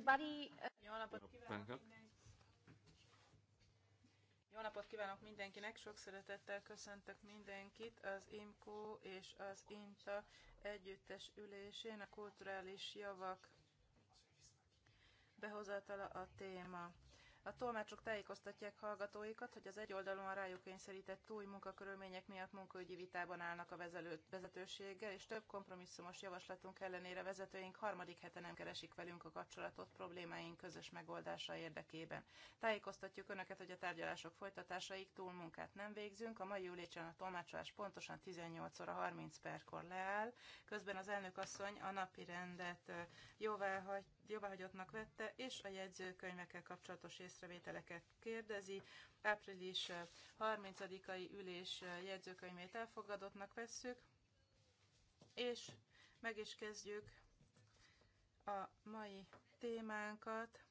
everybody. Uh, Jó napot kívánok Jó napot kívánok mindenkinek, sok szeretettel köszöntök mindenkit az IMCO és az INTA együttes ülésén a kulturális javak behozatala a téma. A tolmácsok tájékoztatják hallgatóikat, hogy az egyoldalúan rájuk kényszerített túl munkakörülmények miatt munkaügyi vitában állnak a vezelő, vezetőséggel, és több kompromisszumos javaslatunk ellenére vezetőink harmadik hete nem keresik velünk a kapcsolatot problémáink közös megoldása érdekében. Tájékoztatjuk Önöket, hogy a tárgyalások folytatásaig munkát nem végzünk. A mai ülésen a tolmácsolás pontosan 18 óra 30 perkor leáll. Közben az elnök asszony a napi rendet jóvá hagyta jóváhagyottnak vette, és a jegyzőkönyvekkel kapcsolatos észrevételeket kérdezi. Április 30-ai eh, ülés eh, jegyzőkönyvét elfogadottnak vesszük, és meg is kezdjük a mai témánkat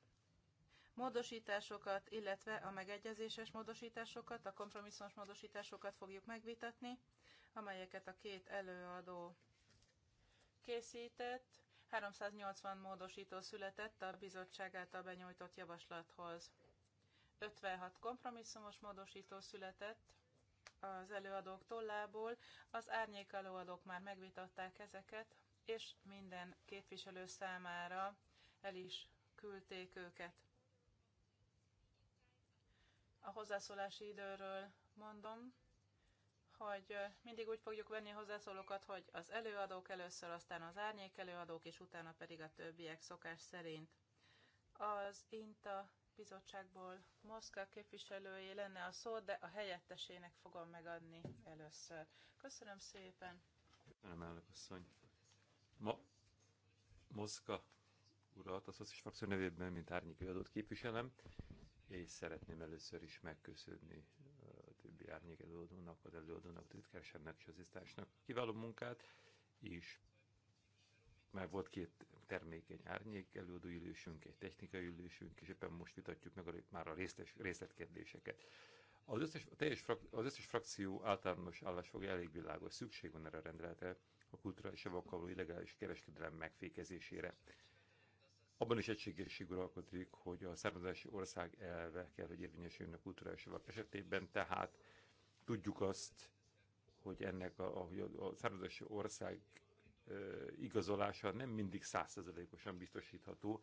módosításokat, illetve a megegyezéses módosításokat, a kompromisszumos módosításokat fogjuk megvitatni, amelyeket a két előadó készített. 380 módosító született a bizottság által benyújtott javaslathoz. 56 kompromisszumos módosító született az előadók tollából, az árnyék előadók már megvitatták ezeket, és minden képviselő számára el is küldték őket. A hozzászólási időről mondom, hogy mindig úgy fogjuk venni a hozzászólókat, hogy az előadók először, aztán az árnyék előadók, és utána pedig a többiek szokás szerint. Az INTA bizottságból Moszkva képviselője lenne a szó, de a helyettesének fogom megadni először. Köszönöm szépen. Köszönöm, elnök asszony. Ma Moszka urat a szociális frakció nevében, mint árnyék előadót képviselem, és szeretném először is megköszönni árnyék előadónak, az előadónak, a titkárságnak és az isztásnak kiváló munkát, és már volt két termékeny árnyék előadó ülésünk, egy technikai ülésünk, és éppen most vitatjuk meg a, már a részletes, részletkérdéseket. Az összes, a teljes frak, az összes frakció általános állásfogja elég világos, szükség van erre a rendeletre, a kulturális való illegális kereskedelem megfékezésére. Abban is egységesség uralkodik, hogy a származási ország elve kell, hogy érvényesüljön a kulturális javak esetében, tehát Tudjuk azt, hogy ennek a, a, a származási ország e, igazolása nem mindig százszerzelékosan biztosítható.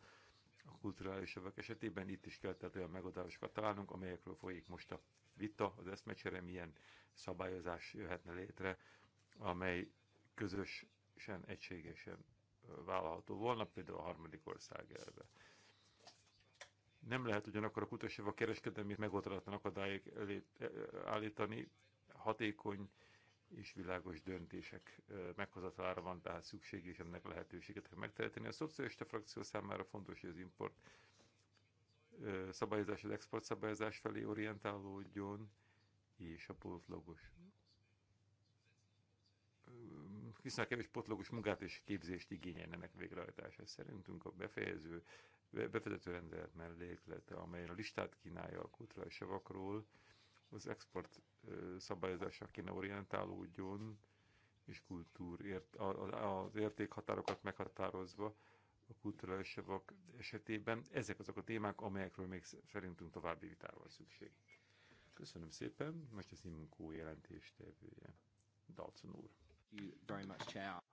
A kulturális övek esetében itt is kellett olyan megoldásokat találnunk, amelyekről folyik most a vita, az eszmecsere, milyen szabályozás jöhetne létre, amely közösen, egységesen vállalható volna, például a harmadik ország elve. Nem lehet ugyanakkor a kutatósával kereskedelmi megoldatlan akadályok e, állítani, hatékony és világos döntések e, meghozatalára van tehát szükség, és ennek lehetőséget kell megteremteni. A szocialista frakció számára fontos, hogy az import e, szabályozás, az export szabályozás felé orientálódjon, és a pótlagos hiszen kevés potlogos munkát és képzést igényelnek végrehajtása. Szerintünk a befejező bevezető rendelet melléklete, amely a listát kínálja a kutra és az export szabályozása kéne orientálódjon, és kultúr, ért, az értékhatárokat meghatározva a kulturális javak esetében. Ezek azok a témák, amelyekről még szerintünk további vitára van szükség. Köszönöm szépen, most az Imkó jelentéstevője, Dalcon úr.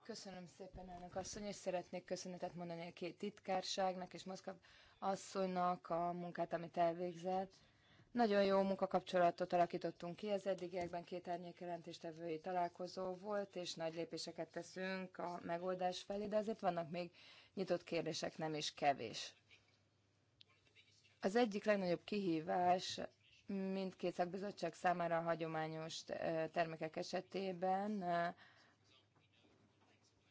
Köszönöm szépen, elnök asszony, és szeretnék köszönetet mondani a két titkárságnak és Moszkva asszonynak a munkát, amit elvégzett. Nagyon jó munkakapcsolatot alakítottunk ki az eddigiekben, két árnyékjelentéstevői találkozó volt, és nagy lépéseket teszünk a megoldás felé, de azért vannak még nyitott kérdések, nem is kevés. Az egyik legnagyobb kihívás mindkét szakbizottság számára a hagyományos termékek esetében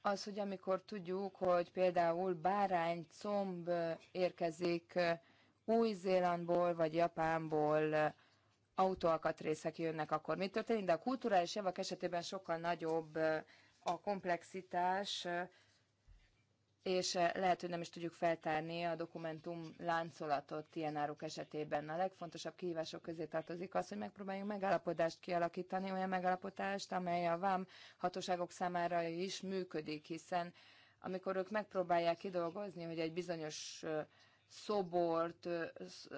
az, hogy amikor tudjuk, hogy például bárány comb érkezik Új-Zélandból vagy Japánból autóalkatrészek jönnek, akkor mi történik? De a kulturális javak esetében sokkal nagyobb a komplexitás, és eh, lehet, hogy nem is tudjuk feltárni a dokumentum láncolatot ilyen áruk esetében. A legfontosabb kihívások közé tartozik az, hogy megpróbáljunk megállapodást kialakítani, olyan megállapodást, amely a vám hatóságok számára is működik, hiszen amikor ők megpróbálják kidolgozni, hogy egy bizonyos eh, szobort, eh,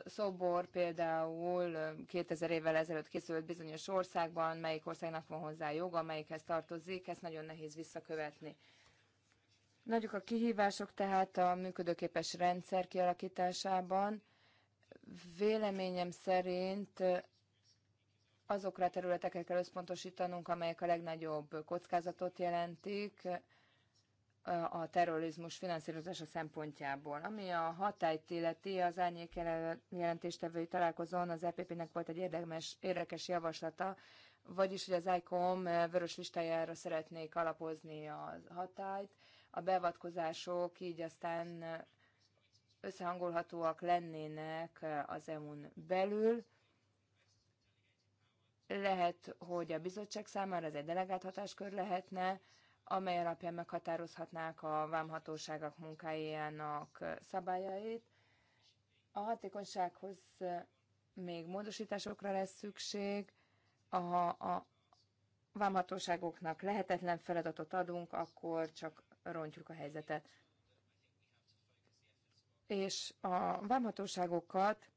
szobor például 2000 évvel ezelőtt készült bizonyos országban, melyik országnak van hozzá joga, melyikhez tartozik, ezt nagyon nehéz visszakövetni. Nagyok a kihívások tehát a működőképes rendszer kialakításában. Véleményem szerint azokra a területekre kell összpontosítanunk, amelyek a legnagyobb kockázatot jelentik a terrorizmus finanszírozása szempontjából. Ami a hatályt illeti, az árnyék jelentéstevői találkozón az EPP-nek volt egy érdekes, érdekes javaslata, vagyis, hogy az ICOM vörös listájára szeretnék alapozni a hatályt, a beavatkozások így aztán összehangolhatóak lennének az EU-n belül. Lehet, hogy a bizottság számára ez egy delegált hatáskör lehetne, amely alapján meghatározhatnák a vámhatóságok munkájának szabályait. A hatékonysághoz még módosításokra lesz szükség, a, a vámhatóságoknak lehetetlen feladatot adunk, akkor csak rontjuk a helyzetet. És a vámhatóságokat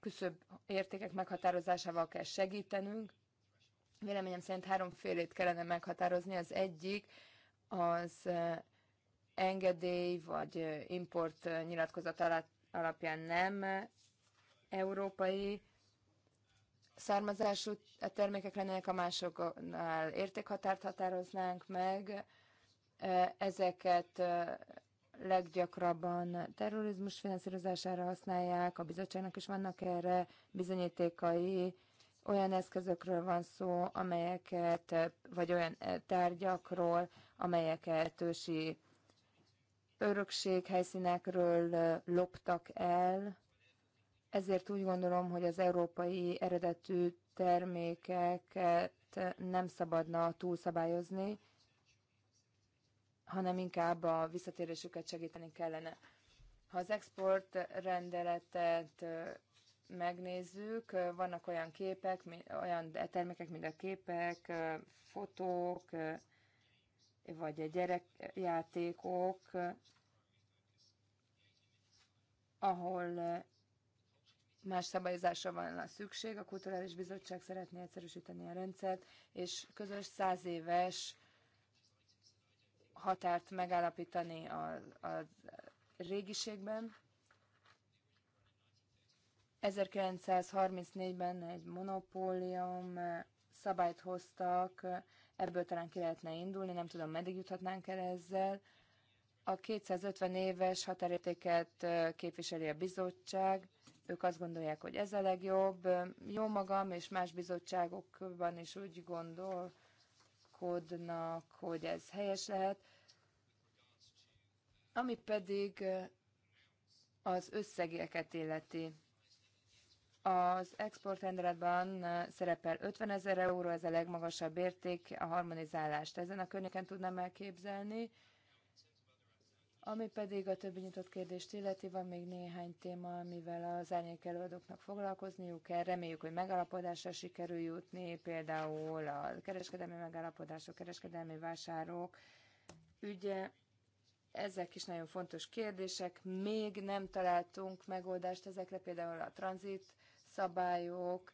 küszöbb értékek meghatározásával kell segítenünk. Véleményem szerint három félét kellene meghatározni. Az egyik az eh, engedély vagy eh, import eh, nyilatkozat alapján nem európai származású termékek lennének, a másoknál értékhatárt határoznánk meg, ezeket leggyakrabban terrorizmus finanszírozására használják, a bizottságnak is vannak erre bizonyítékai, olyan eszközökről van szó, amelyeket, vagy olyan tárgyakról, amelyeket ősi örökség helyszínekről loptak el, ezért úgy gondolom, hogy az európai eredetű termékeket nem szabadna túlszabályozni, hanem inkább a visszatérésüket segíteni kellene. Ha az export rendeletet megnézzük, vannak olyan képek, olyan termékek, mint a képek, fotók, vagy gyerekjátékok, ahol más szabályozásra van a szükség. A Kulturális Bizottság szeretné egyszerűsíteni a rendszert, és közös száz éves határt megállapítani a, a régiségben. 1934-ben egy monopólium szabályt hoztak, ebből talán ki lehetne indulni, nem tudom, meddig juthatnánk el ezzel. A 250 éves határértéket képviseli a bizottság, ők azt gondolják, hogy ez a legjobb. Jó magam és más bizottságokban is úgy gondolkodnak, hogy ez helyes lehet. Ami pedig az összegeket illeti. Az exportrendeletben szerepel 50 ezer euró, ez a legmagasabb érték, a harmonizálást ezen a környéken tudnám elképzelni. Ami pedig a többi nyitott kérdést illeti, van még néhány téma, amivel az árnyék előadóknak foglalkozniuk kell. Reméljük, hogy megállapodásra sikerül jutni, például a kereskedelmi megállapodások, kereskedelmi vásárok ügye. Ezek is nagyon fontos kérdések. Még nem találtunk megoldást ezekre, például a tranzit szabályok.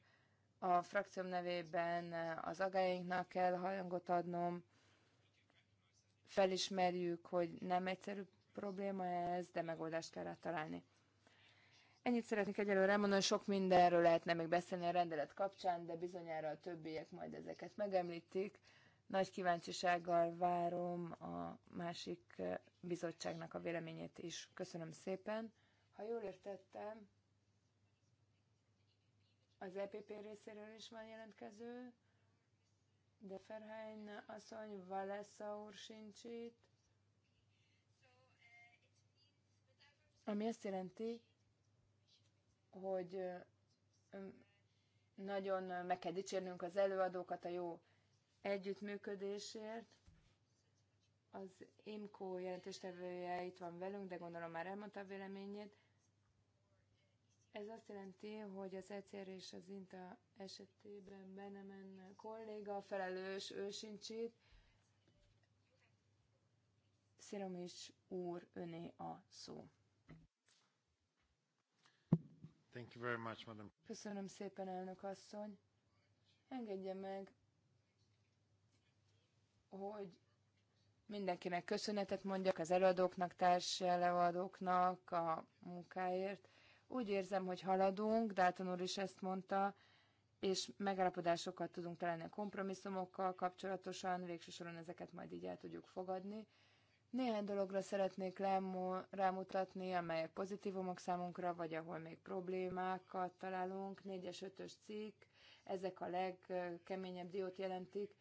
A frakcióm nevében az agályainknak kell hangot adnom felismerjük, hogy nem egyszerű probléma ez, de megoldást kell rá találni. Ennyit szeretnék egyelőre elmondani, sok mindenről lehetne még beszélni a rendelet kapcsán, de bizonyára a többiek majd ezeket megemlítik. Nagy kíváncsisággal várom a másik bizottságnak a véleményét is. Köszönöm szépen. Ha jól értettem, az EPP részéről is van jelentkező, de Ferhány asszony, Valesza úr sincs itt. Ami azt jelenti, hogy nagyon meg kell dicsérnünk az előadókat a jó együttműködésért. Az IMCO jelentéstevője itt van velünk, de gondolom már elmondta a véleményét. Ez azt jelenti, hogy az ECR és az INTA esetében Benemen kolléga felelős, ő sincs itt. Sziromis úr, öné a szó. Thank you very much, madam. Köszönöm szépen, elnök asszony. Engedje meg, hogy mindenkinek köszönetet mondjak, az előadóknak, előadóknak a munkáért. Úgy érzem, hogy haladunk, Dáton úr is ezt mondta, és megállapodásokat tudunk találni a kompromisszumokkal kapcsolatosan, végső soron ezeket majd így el tudjuk fogadni. Néhány dologra szeretnék rámutatni, amelyek pozitívumok számunkra, vagy ahol még problémákat találunk. 4-es, 5-ös cikk, ezek a legkeményebb diót jelentik.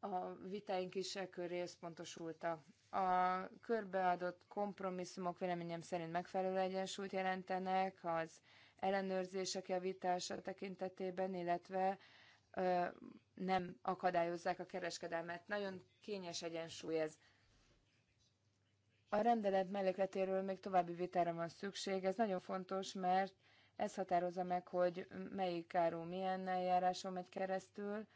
A vitáink is e köré összpontosultak. A körbeadott kompromisszumok véleményem szerint megfelelő egyensúlyt jelentenek az ellenőrzések javítása tekintetében, illetve nem akadályozzák a kereskedelmet. Nagyon kényes egyensúly ez. A rendelet mellékletéről még további vitára van szükség. Ez nagyon fontos, mert ez határozza meg, hogy melyik áru milyen eljáráson megy keresztül.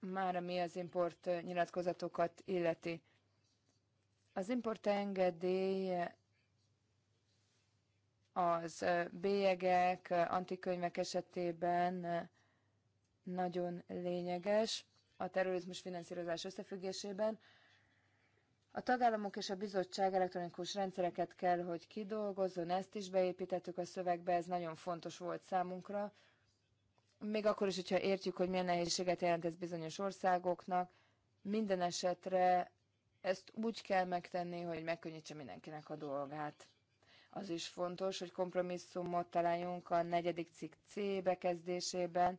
Már ami az import nyilatkozatokat illeti. Az import engedély az bélyegek, antikönyvek esetében nagyon lényeges a terrorizmus finanszírozás összefüggésében. A tagállamok és a bizottság elektronikus rendszereket kell, hogy kidolgozzon, ezt is beépítettük a szövegbe, ez nagyon fontos volt számunkra. Még akkor is, hogyha értjük, hogy milyen nehézséget jelent ez bizonyos országoknak, minden esetre ezt úgy kell megtenni, hogy megkönnyítse mindenkinek a dolgát. Az is fontos, hogy kompromisszumot találjunk a negyedik cikk C bekezdésében,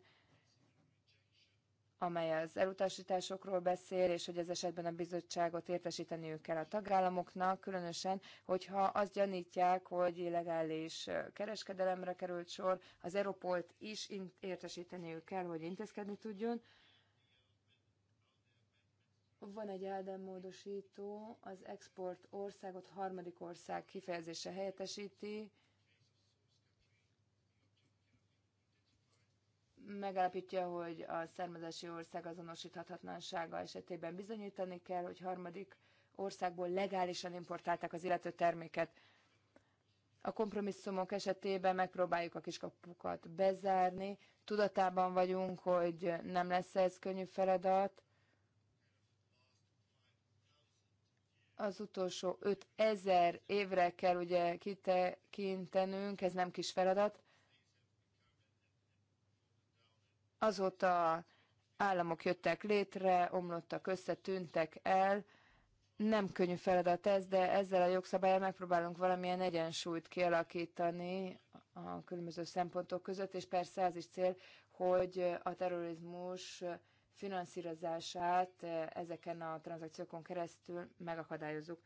amely az elutasításokról beszél, és hogy ez esetben a bizottságot értesíteniük kell a tagállamoknak, különösen, hogyha azt gyanítják, hogy illegális kereskedelemre került sor, az Europolt is értesíteniük kell, hogy intézkedni tudjon. Van egy áldemmódosító, az export országot harmadik ország kifejezése helyettesíti, megállapítja, hogy a származási ország azonosíthatatlansága esetében bizonyítani kell, hogy harmadik országból legálisan importálták az illető terméket. A kompromisszumok esetében megpróbáljuk a kiskapukat bezárni. Tudatában vagyunk, hogy nem lesz ez könnyű feladat, az utolsó 5000 évre kell ugye kitekintenünk, ez nem kis feladat. Azóta államok jöttek létre, omlottak össze, tűntek el. Nem könnyű feladat ez, de ezzel a jogszabályal megpróbálunk valamilyen egyensúlyt kialakítani a különböző szempontok között, és persze az is cél, hogy a terrorizmus finanszírozását eh, ezeken a tranzakciókon keresztül megakadályozzuk.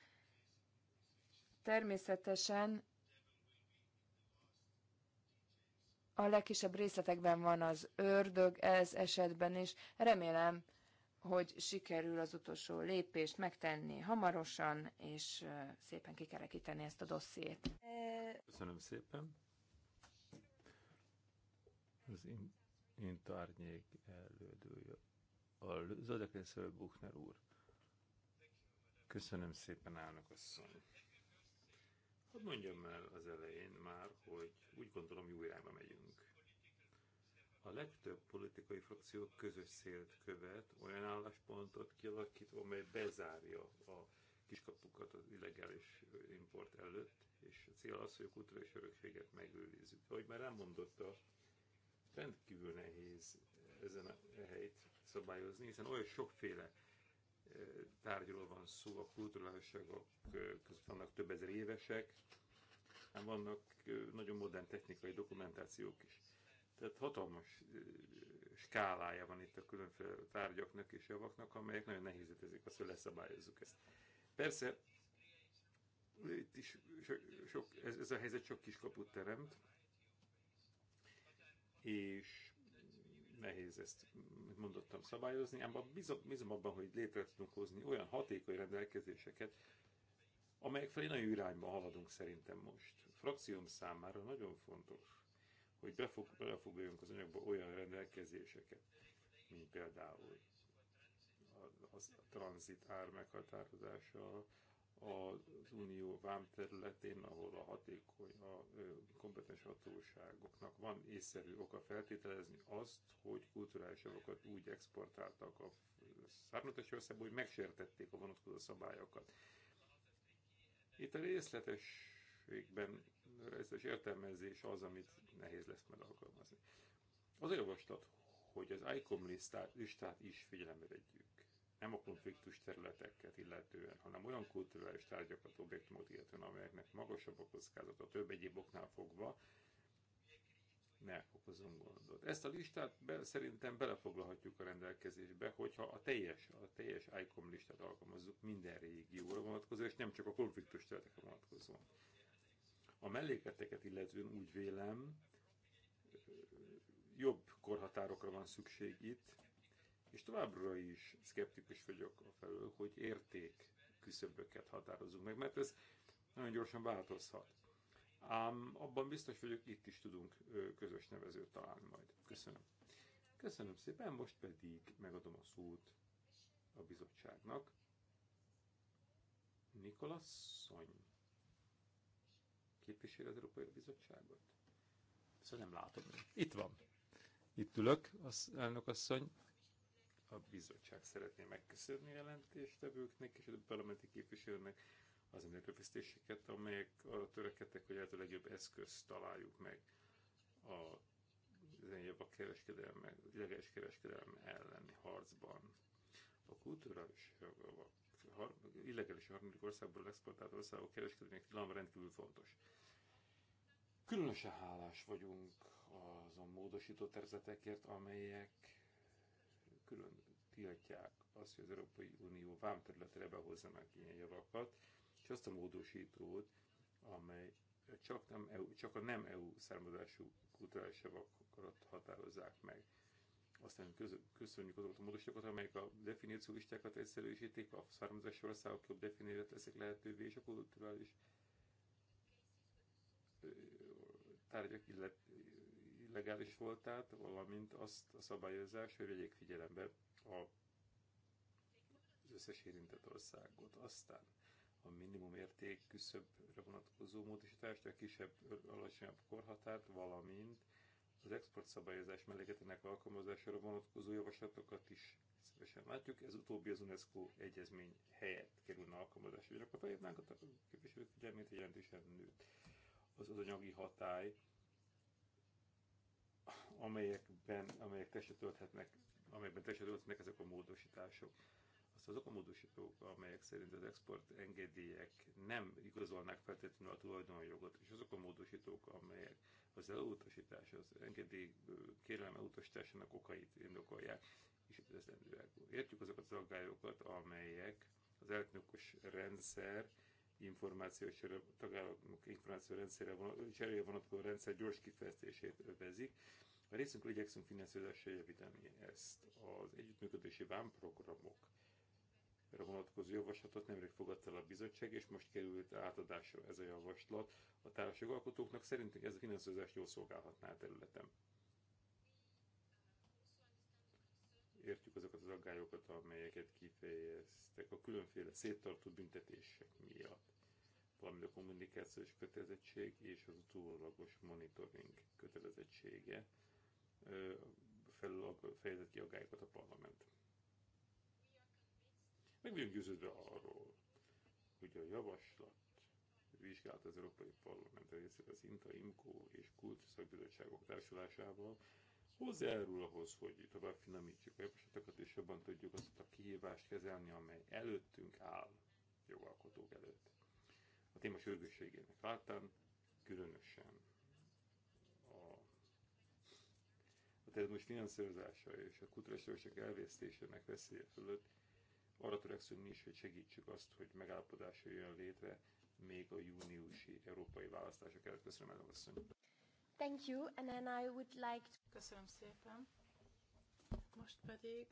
Természetesen a legkisebb részletekben van az ördög, ez esetben is. Remélem, hogy sikerül az utolsó lépést megtenni hamarosan, és eh, szépen kikerekíteni ezt a dossziét. Köszönöm szépen. Az én in elődője a zöldek Buchner úr. Köszönöm szépen, állnak asszony. Hadd mondjam el az elején már, hogy úgy gondolom jó irányba megyünk. A legtöbb politikai frakció közös célt követ, olyan álláspontot kialakít, amely bezárja a kiskapukat az illegális import előtt, és a cél az, hogy a kulturális örökséget megőrizzük. Ahogy már elmondotta, rendkívül nehéz ezen a helyt szabályozni, hiszen olyan sokféle tárgyról van szó, a kulturális között vannak több ezer évesek, hanem vannak nagyon modern technikai dokumentációk is. Tehát hatalmas skálája van itt a különféle tárgyaknak és javaknak, amelyek nagyon nehézítezik azt, hogy leszabályozzuk ezt. Persze, itt is sok, ez, ez a helyzet sok kiskaput teremt, és nehéz ezt, mint mondottam, szabályozni, ám bízom abban, hogy létre tudunk hozni olyan hatékony rendelkezéseket, amelyek felé nagyon irányba haladunk szerintem most. A frakcióm számára nagyon fontos, hogy befog, belefoglaljunk az anyagba olyan rendelkezéseket, mint például a, a, a tranzit ár meghatározása, az unió vámterületén, ahol a hatékony, a kompetens hatóságoknak van észszerű oka feltételezni azt, hogy kulturális javakat úgy exportáltak a származási országból, hogy megsértették a vonatkozó szabályokat. Itt a részletességben részletes értelmezés az, amit nehéz lesz megalkalmazni. Az a javaslat, hogy az ICOM listát, listát is figyelembe vegyük nem a konfliktus területeket illetően, hanem olyan kulturális tárgyakat, objektumot illetően, amelyeknek magasabb a kockázata, több egyéb oknál fogva, ne okozunk gondot. Ezt a listát be, szerintem belefoglalhatjuk a rendelkezésbe, hogyha a teljes, a teljes ICOM listát alkalmazzuk minden régióra vonatkozó, és nem csak a konfliktus területekre vonatkozó. A mellékleteket illetően úgy vélem, jobb korhatárokra van szükség itt, és továbbra is szkeptikus vagyok a felől, hogy érték küszöböket határozunk meg, mert ez nagyon gyorsan változhat. Ám abban biztos vagyok, itt is tudunk közös nevezőt találni majd. Köszönöm. Köszönöm szépen, most pedig megadom a szót a bizottságnak. Nikolaszony képviseli az Európai Bizottságot? Szóval nem látom. Itt van. Itt ülök, az elnök asszony. A bizottság szeretné megköszönni a jelentéstevőknek és a parlamenti képviselőnek az erőfeszítéseket, amelyek arra törekedtek, hogy a legjobb eszközt találjuk meg a a kereskedelme, illegális kereskedelme elleni harcban. A kulturális jogok, har, illegális harmadik országból exportált országok kereskedelmének tilalma rendkívül fontos. Különösen hálás vagyunk azon módosító tervezetekért, amelyek külön tiltják azt, hogy az Európai Unió vámterületre behozzanak ilyen javakat, és azt a módosítót, amely csak, nem EU, csak a nem EU származású kulturális javakat határozzák meg. Aztán köszönjük azokat a módosítókat, amelyek a definíciólistákat egyszerűsítik, a származási országok jobb definiált teszik lehetővé, és a kulturális tárgyak illet, illegális voltát, valamint azt a szabályozás, hogy vegyék figyelembe a, az összes érintett országot. Aztán a minimum érték küszöbre vonatkozó módosítást, a kisebb, alacsonyabb korhatárt, valamint az export szabályozás melléketének alkalmazására vonatkozó javaslatokat is szívesen látjuk. Ez utóbbi az UNESCO egyezmény helyett kerülne alkalmazásra. Akkor felhívnánk a képviselők figyelmét, hogy jelentősen nőtt az, az anyagi hatály, amelyekben, amelyek testet tölthetnek amelyben testedőltnek ezek a módosítások. Azt azok a módosítók, amelyek szerint az export engedélyek nem igazolnák feltétlenül a tulajdonjogot, és azok a módosítók, amelyek az elutasítás, az engedély kérelem elutasításának okait indokolják, és üdvözlendőek. Értjük azokat az aggályokat, amelyek az elektronikus rendszer információs tagállamok információ rendszerre vonatkozó rendszer gyors kifejtését övezik, a részünkről igyekszünk finanszírozásra javítani ezt. Az együttműködési vámprogramok vonatkozó javaslatot nemrég fogadta el a bizottság, és most került átadásra ez a javaslat. A jogalkotóknak szerintük ez a finanszírozás jól szolgálhatná a területen. Értjük azokat az aggályokat, amelyeket kifejeztek a különféle széttartó büntetések miatt valamint a kommunikációs kötelezettség és az utólagos monitoring kötelezettsége felül fejezett ki agályokat a parlament. Meg vagyunk győződve arról, hogy a javaslat vizsgált az Európai Parlament részéről az INTA, IMCO és Kult szakbizottságok társulásával hozzájárul ahhoz, hogy tovább finomítsuk a javaslatokat, és jobban tudjuk azt a kihívást kezelni, amely előttünk áll jogalkotók előtt. A téma sürgősségének láttán különösen most finanszírozása és a kultúrásörösek elvesztésének veszélye fölött arra törekszünk mi is, hogy segítsük azt, hogy megállapodás jön létre még a júniusi európai választások előtt. Köszönöm, elnök asszony. Thank you, and then I would like to... Köszönöm szépen. Most pedig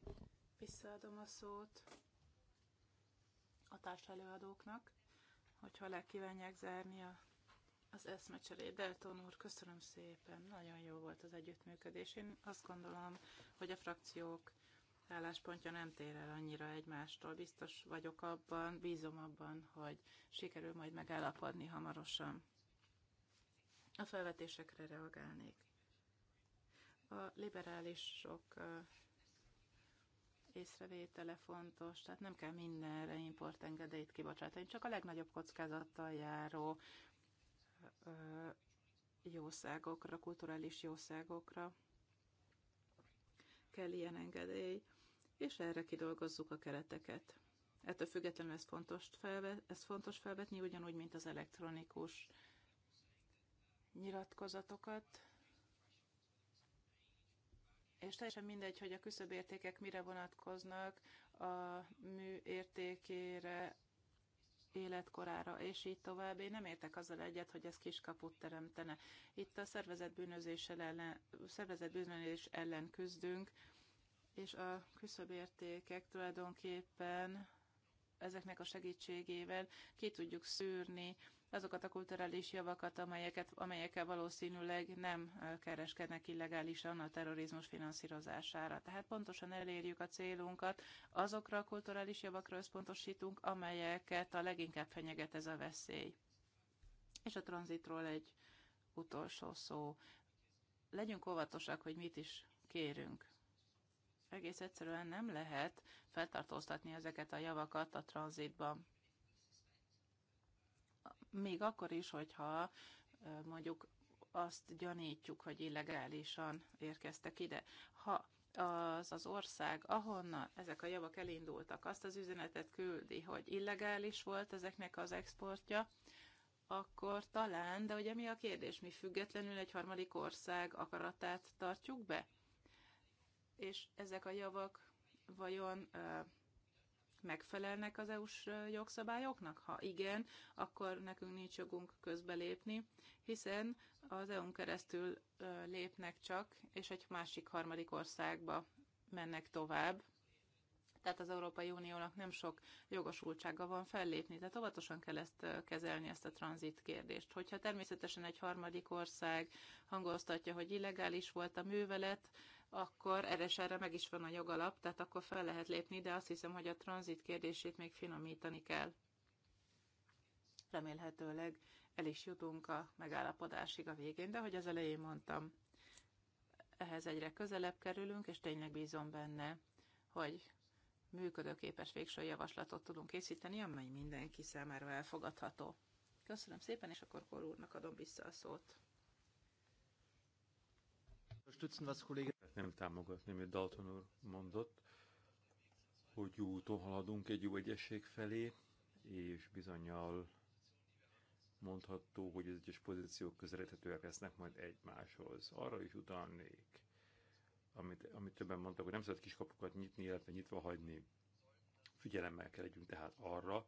visszaadom a szót a társelőadóknak, hogyha le kívánják zárni a az eszmecseré. Delton úr, köszönöm szépen, nagyon jó volt az együttműködés. Én azt gondolom, hogy a frakciók álláspontja nem tér el annyira egymástól. Biztos vagyok abban, bízom abban, hogy sikerül majd megállapodni hamarosan. A felvetésekre reagálnék. A liberálisok észrevétele fontos, tehát nem kell mindenre importengedélyt kibocsátani, csak a legnagyobb kockázattal járó jószágokra, kulturális jószágokra kell ilyen engedély, és erre kidolgozzuk a kereteket. Ettől függetlenül ez fontos, felvet, ez fontos felvetni, ugyanúgy, mint az elektronikus nyilatkozatokat. És teljesen mindegy, hogy a küszöbértékek mire vonatkoznak, a mű értékére, életkorára, és így tovább. Én nem értek azzal egyet, hogy ez kiskaput teremtene. Itt a szervezetbűnözéssel ellen, ellen küzdünk, és a küszöbértékek tulajdonképpen ezeknek a segítségével ki tudjuk szűrni azokat a kulturális javakat, amelyeket, amelyekkel valószínűleg nem kereskednek illegálisan a terrorizmus finanszírozására. Tehát pontosan elérjük a célunkat, azokra a kulturális javakra összpontosítunk, amelyeket a leginkább fenyeget ez a veszély. És a tranzitról egy utolsó szó. Legyünk óvatosak, hogy mit is kérünk. Egész egyszerűen nem lehet feltartóztatni ezeket a javakat a tranzitban még akkor is, hogyha mondjuk azt gyanítjuk, hogy illegálisan érkeztek ide. Ha az az ország, ahonnan ezek a javak elindultak, azt az üzenetet küldi, hogy illegális volt ezeknek az exportja, akkor talán, de ugye mi a kérdés? Mi függetlenül egy harmadik ország akaratát tartjuk be? És ezek a javak vajon megfelelnek az EU-s jogszabályoknak? Ha igen, akkor nekünk nincs jogunk közbelépni, hiszen az EU-n keresztül lépnek csak, és egy másik harmadik országba mennek tovább. Tehát az Európai Uniónak nem sok jogosultsága van fellépni, tehát óvatosan kell ezt kezelni, ezt a tranzit kérdést. Hogyha természetesen egy harmadik ország hangoztatja, hogy illegális volt a művelet, akkor erre meg is van a jogalap, tehát akkor fel lehet lépni, de azt hiszem, hogy a tranzit kérdését még finomítani kell. Remélhetőleg el is jutunk a megállapodásig a végén, de hogy az elején mondtam, ehhez egyre közelebb kerülünk, és tényleg bízom benne, hogy működőképes végső javaslatot tudunk készíteni, amely mindenki számára elfogadható. Köszönöm szépen, és akkor Kor úrnak adom vissza a szót nem támogatni, amit Dalton úr mondott, hogy jó úton haladunk egy jó egyesség felé, és bizonyal mondható, hogy az egyes pozíciók közelíthetőek lesznek majd egymáshoz. Arra is utalnék, amit, amit többen mondtak, hogy nem szabad kiskapukat nyitni, illetve nyitva hagyni. Figyelemmel kell legyünk tehát arra,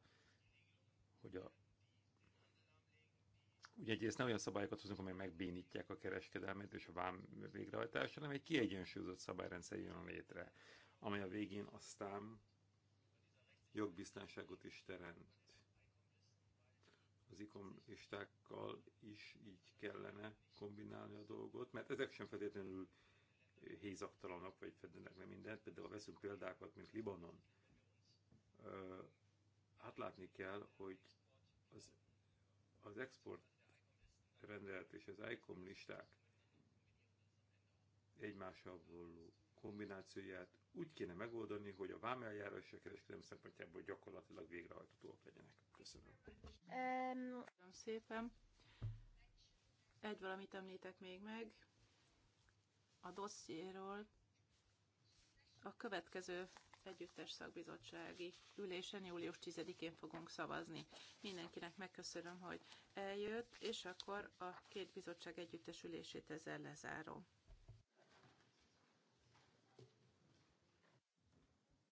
hogy a ugye egyrészt nem olyan szabályokat hozunk, amelyek megbénítják a kereskedelmet és a vám végrehajtást, hanem egy kiegyensúlyozott szabályrendszer jön létre, amely a végén aztán jogbiztonságot is teremt. Az ikonistákkal is így kellene kombinálni a dolgot, mert ezek sem feltétlenül hézaktalanok, vagy fednek le mindent. Például veszünk példákat, mint Libanon. Hát látni kell, hogy az az export rendelet és az ICOM listák egymással való kombinációját úgy kéne megoldani, hogy a vámeljárás és a kereskedelmi szempontjából gyakorlatilag végrehajtatóak legyenek. Köszönöm. Köszönöm szépen. Egy valamit említek még meg. A dossziéról a következő együttes szakbizottsági ülésen július 10-én fogunk szavazni. Mindenkinek megköszönöm, hogy eljött, és akkor a két bizottság együttes ülését ezzel lezárom.